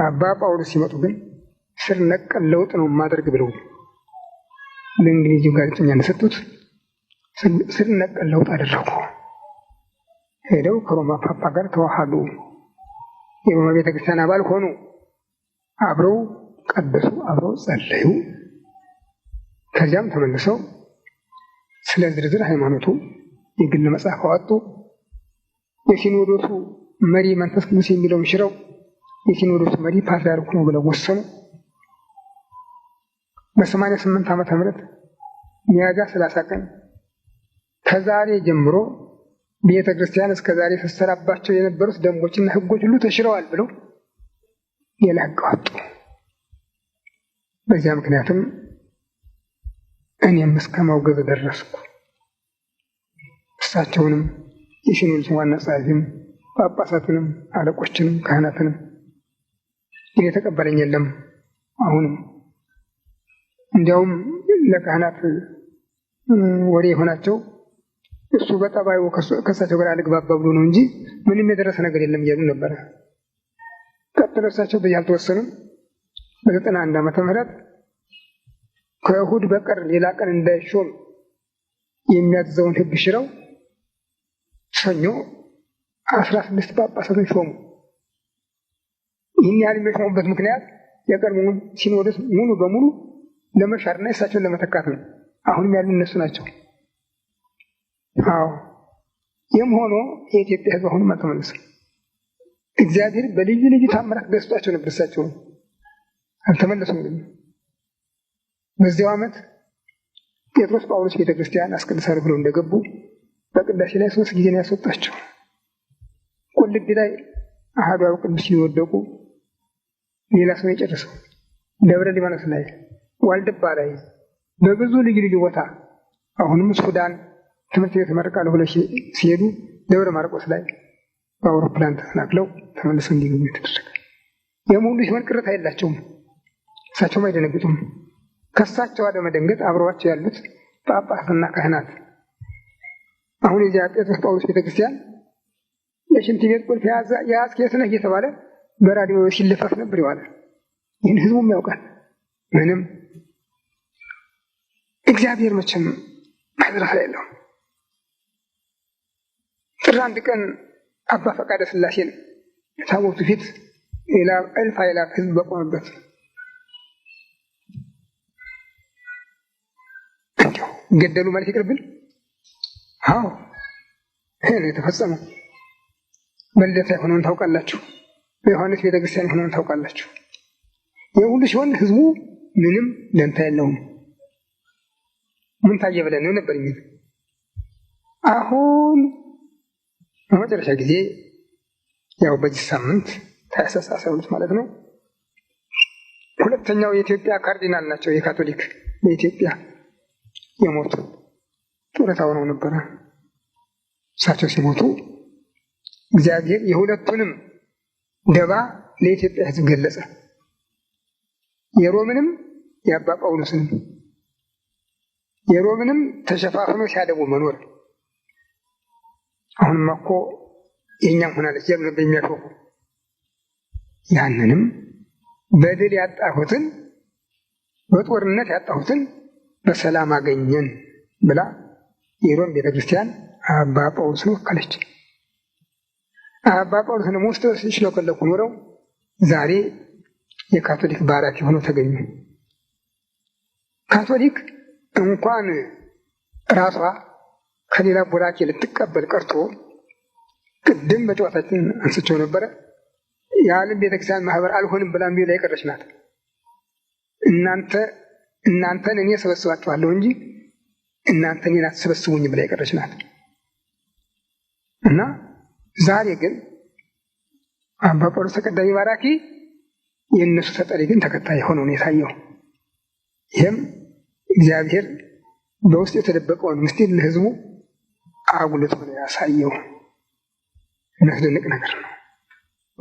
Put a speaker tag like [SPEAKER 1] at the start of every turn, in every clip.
[SPEAKER 1] አባ ጳውሎስ ሲመጡ ግን ስር ነቀል ለውጥ ነው ማድረግ ብለው ለእንግሊዝ ጋዜጠኛ እንደሰጡት ስር ነቀል ለውጥ አደረጉ። ሄደው ከሮማ ፓፓ ጋር ተዋሃዱ። የሮማ ቤተክርስቲያን አባል ሆኑ። አብረው ቀደሱ፣ አብረው ጸለዩ። ከዚያም ተመልሰው ስለ ዝርዝር ሃይማኖቱ የግል መጽሐፍ አወጡ። የሲኖዶሱ መሪ መንፈስ ቅዱስ የሚለውን ሽረው የሲኖዶስ መሪ ፓትርያርኩ ነው ብለው ወሰኑ። በሰማንያ ስምንት ዓመተ ምህረት ሚያዝያ ሰላሳ ቀን ከዛሬ ጀምሮ ቤተ ክርስቲያን እስከ ዛሬ ስትሰራባቸው የነበሩት ደንቦችና ሕጎች ሁሉ ተሽረዋል ብለው ሌላ ሕግ አወጡ። በዚያ ምክንያትም እኔም እስከ ማውገዝ ደረስኩ። እሳቸውንም የሲኖዶስ ዋና ጸሐፊም ጳጳሳትንም አለቆችንም ካህናትንም ግን የተቀበለኝ የለም። አሁንም እንዲያውም ለካህናት ወሬ የሆናቸው እሱ በጠባዩ ከእሳቸው ጋር አልግባባ ብሎ ነው እንጂ ምንም የደረሰ ነገር የለም እያሉ ነበረ። ቀጥሎ እሳቸው በዚህ አልተወሰኑም። በዘጠና አንድ ዓመተ ምህረት ከእሁድ በቀር ሌላ ቀን እንዳይሾም የሚያዘውን ህግ ሽረው ሰኞ አስራ ስድስት ጳጳሳትን ሾሙ። ይህን ያህል የሚሾሙበት ምክንያት የቀድሞውን ሲኖዶስ ሙሉ በሙሉ ለመሻርና እሳቸውን ለመተካት ነው። አሁንም ያሉ እነሱ ናቸው። አዎ ይህም ሆኖ የኢትዮጵያ ሕዝብ አሁንም አልተመለሰም። እግዚአብሔር በልዩ ልዩ ታምራት ገዝቷቸው ነበር። እሳቸው አልተመለሱም። ግን በዚያው ዓመት ጴጥሮስ ጳውሎስ ቤተ ክርስቲያን ብለው እንደገቡ በቅዳሴ ላይ ሶስት ጊዜ ነው ያስወጣቸው። ቁልቢ ላይ አህዱ ቅዱስ ሲወደቁ ሌላ ሰው የጨረሰው ደብረ ሊባኖስ ላይ፣ ዋልድባ ላይ፣ በብዙ ልዩ ልዩ ቦታ አሁንም ሱዳን ትምህርት ቤት መርቃል ብለው ሲሄዱ ደብረ ማርቆስ ላይ በአውሮፕላን ተፈናቅለው ተመልሰው እንዲገኙ ተደረገ። የሙሉ ሲሆን ቅርታ የላቸውም፣ እሳቸውም አይደነግጡም። ከእሳቸው አለመደንገጥ አብረዋቸው ያሉት ጳጳስና ካህናት አሁን የዚያ ጴጥሮስ ጳውሎስ ቤተክርስቲያን የሽንት ቤት ቁልፍ የያዝ ኬት ነህ እየተባለ በራዲዮ ሲለፈፍ ነበር ይዋላል። ይህን ህዝቡም ያውቃል። ምንም እግዚአብሔር መቼም ላይ የለውም። ጥር አንድ ቀን አባ ፈቃደ ስላሴን ታቦቱ ፊት እልፍ አእላፍ ህዝብ በቆመበት እንዲሁ ገደሉ ማለት ይቅርብን። አዎ ይህን የተፈጸመው በልደታ የሆነውን ታውቃላችሁ። በዮሐንስ ቤተክርስቲያን ሆነን ታውቃላችሁ። የሁሉ ሲሆን ህዝቡ ምንም ደንታ የለውም። ምን ታየ ብለን ነው ነበር የሚል አሁን በመጨረሻ ጊዜ ያው በዚህ ሳምንት ታህሳስ አስራ ሁለት ማለት ነው። ሁለተኛው የኢትዮጵያ ካርዲናል ናቸው የካቶሊክ በኢትዮጵያ የሞቱ ጡረታ ሆነው ነበረ። እሳቸው ሲሞቱ እግዚአብሔር የሁለቱንም ደባ ለኢትዮጵያ ሕዝብ ገለጸ። የሮምንም የአባ ጳውሎስንም የሮምንም ተሸፋፍኖ ሲያደቡ መኖር አሁንማ እኮ የእኛም ሆናለች ጀምረ በሚያሾፉ ያንንም በድል ያጣሁትን በጦርነት ያጣሁትን በሰላም አገኘን ብላ የሮም ቤተክርስቲያን አባ ጳውሎስን ወከለች። አባ ጳውሎስንም ውስጥ ሲሽለከለኩ ኖረው ዛሬ የካቶሊክ ባራኪ ሆኖ ተገኙ። ካቶሊክ እንኳን ራሷ ከሌላ ቡራኬ ልትቀበል ቀርቶ ቅድም በጨዋታችን አንስቸው ነበረ። የዓለም ቤተክርስቲያን ማህበር አልሆንም ብላ እምቢ ላይ የቀረች ናት። እናንተ እናንተን እኔ ሰበስባችኋለሁ እንጂ እናንተ እኔን አትሰበስቡኝ ብላ የቀረች ናት እና ዛሬ ግን አባ ጳውሎስ ተቀዳሚ ማራኪ የእነሱ ተጠሪ ግን ተከታይ ሆኖ ነው የታየው። ይህም እግዚአብሔር በውስጥ የተደበቀውን ምስጢር ለሕዝቡ አጉልቶ ነው ያሳየው። የሚያስደንቅ ነገር ነው።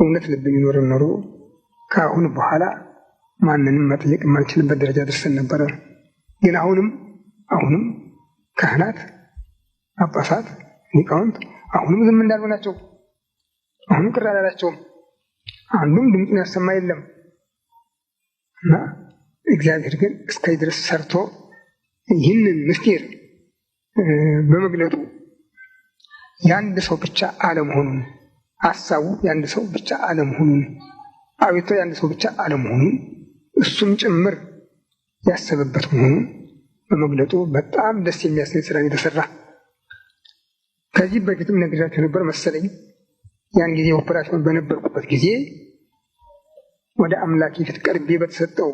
[SPEAKER 1] እውነት ልብ ቢኖረን ኖሮ ከአሁን በኋላ ማንንም መጠየቅ የማንችልበት ደረጃ ደርሰን ነበረ። ግን አሁንም አሁንም ካህናት፣ ጳጳሳት፣ ሊቃውንት አሁንም ዝም እንዳሉ ናቸው። አሁንም ቅር አላላቸውም። አንዱም ድምፁን ያሰማ የለም እና እግዚአብሔር ግን እስከዚህ ድረስ ሰርቶ ይህንን ምስጢር በመግለጡ የአንድ ሰው ብቻ አለመሆኑን ሀሳቡ የአንድ ሰው ብቻ አለመሆኑን አቤቷ የአንድ ሰው ብቻ አለመሆኑን እሱም ጭምር ያሰበበት መሆኑን በመግለጡ በጣም ደስ የሚያሰኝ ስራ የተሰራ ከዚህ በፊትም ነግሬያችሁ ነበር መሰለኝ። ያን ጊዜ ኦፕራሽን በነበርኩበት ጊዜ ወደ አምላክ ፊት ቀርቤ በተሰጠው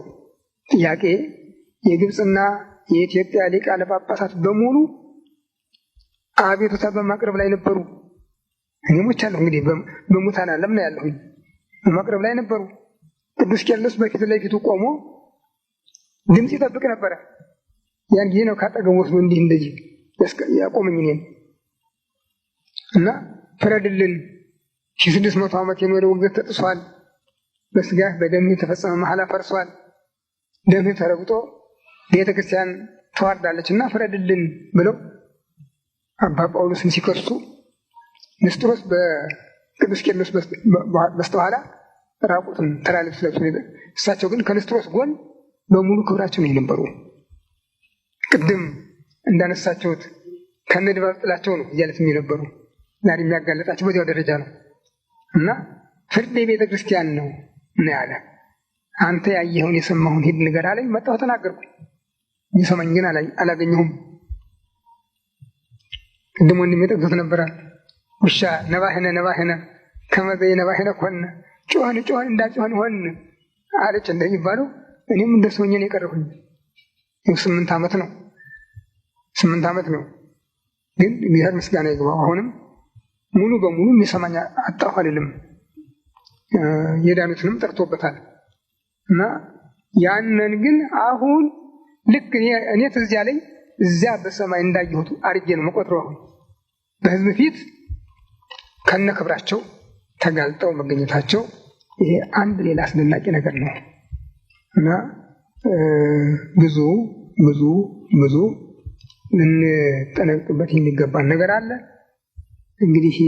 [SPEAKER 1] ጥያቄ የግብፅና የኢትዮጵያ ሊቃነ ጳጳሳት በሙሉ አቤቱታ በማቅረብ ላይ ነበሩ። እኔ ሞቻለሁ እንግዲህ በሙታን ዓለም ነው ያለሁኝ። በማቅረብ ላይ ነበሩ። ቅዱስ ቄርሎስ በፊት ለፊቱ ቆሞ ድምፅ ይጠብቅ ነበረ። ያን ጊዜ ነው ካጠገቡ ወስዶ እንዲህ እንደዚህ ያቆመኝ እኔን እና ፍረድልን ሺህ ስድስት መቶ ዓመት የኖረው ውግዘት ተጥሷል። በስጋ በደም የተፈጸመ መሐላ ፈርሷል። ደም ተረግጦ ቤተ ክርስቲያን ተዋርዳለች እና ፍረድልን ብለው አባ ጳውሎስን ሲከሱ ንስጥሮስ በቅዱስ ቄርሎስ በስተኋላ ራቁትን ተላልፍ ለብሶ እሳቸው ግን ከንስጥሮስ ጎን በሙሉ ክብራቸው ነው የነበሩ። ቅድም እንዳነሳችሁት ከነድባብ ጥላቸው ነው እያለት የነበሩ ዛሬ የሚያጋለጣቸው በዚያው ደረጃ ነው እና ፍርድ የቤተ ክርስቲያን ነው ነው ያለ። አንተ ያየኸውን የሰማሁን ሂድ ንገር አለኝ። መጣሁ፣ ተናገርኩኝ። የሰማኝ ግን አላገኘሁም። ቅድም ወንድም የጠቅሶት ነበረ። ውሻ ነባህነ ነባህነ ከመዘይ ነባህነ ኮነ ጮኸን ጮኸን እንዳጮኸን ሆን አለች እንደሚባለው እኔም እንደ ሰውኛን የቀረሁኝ ስምንት ዓመት ነው ስምንት ዓመት ነው። ግን እግዚአብሔር ምስጋና ይግባው አሁንም ሙሉ በሙሉ የሚሰማኝ አጣሁ አልልም። የዳኑትንም ጠርቶበታል እና ያንን ግን አሁን ልክ እኔ ትዝ ያለኝ እዚያ በሰማይ እንዳየሁት አድርጌ ነው መቆጥረው። አሁን በህዝብ ፊት ከነ ክብራቸው ተጋልጠው መገኘታቸው ይሄ አንድ ሌላ አስደናቂ ነገር ነው እና ብዙ ብዙ ብዙ ልንጠነቅቅበት የሚገባን ነገር አለ። እንግዲህ